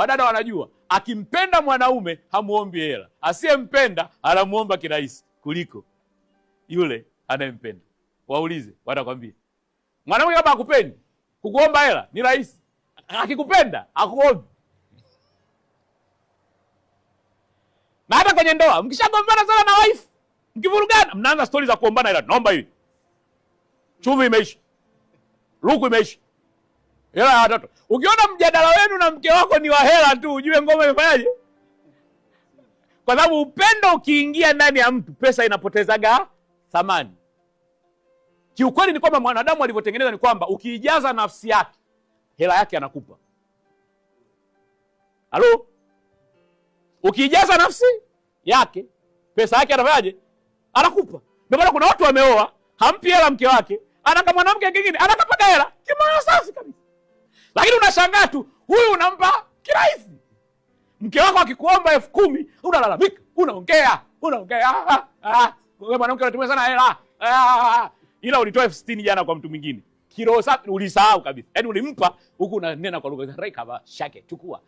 Wadada wanajua akimpenda mwanaume hamuombi hela, asiyempenda anamuomba kirahisi kuliko yule anayempenda. Waulize, watakwambia mwanamke kama akupendi, kukuomba hela ni rahisi, akikupenda akuombi. Na hata kwenye ndoa mkishagombana sana na wife, mkivurugana, mnaanza stori za kuombana hela, naomba hivi, chumvi imeisha, luku imeisha hela ya watoto. Ukiona mjadala wenu na mke wako ni wa hela tu, ujue ngoma imefanyaje, kwa sababu upendo ukiingia ndani ya mtu, pesa inapotezaga thamani. Kiukweli ni kwamba mwanadamu alivyotengenezwa ni kwamba ukiijaza nafsi yake, hela yake anakupa. Halo, ukiijaza nafsi yake, pesa yake anafanyaje, anakupa. Ndio maana kuna watu wameoa, hampi hela mke wake, anaka mwanamke kingine, anakapata hela kimayo safi kabisa lakini unashangaa tu, huyu unampa kirahisi. Mke wako akikuomba elfu kumi unalalamika, unaongea unaongea, ah, ah, ah. wewe mwanamke unatumia sana hela, ila ulitoa elfu sitini jana kwa mtu mwingine kiroho safi ulisahau kabisa, yaani ulimpa huku unanena kwa lugha shake chukua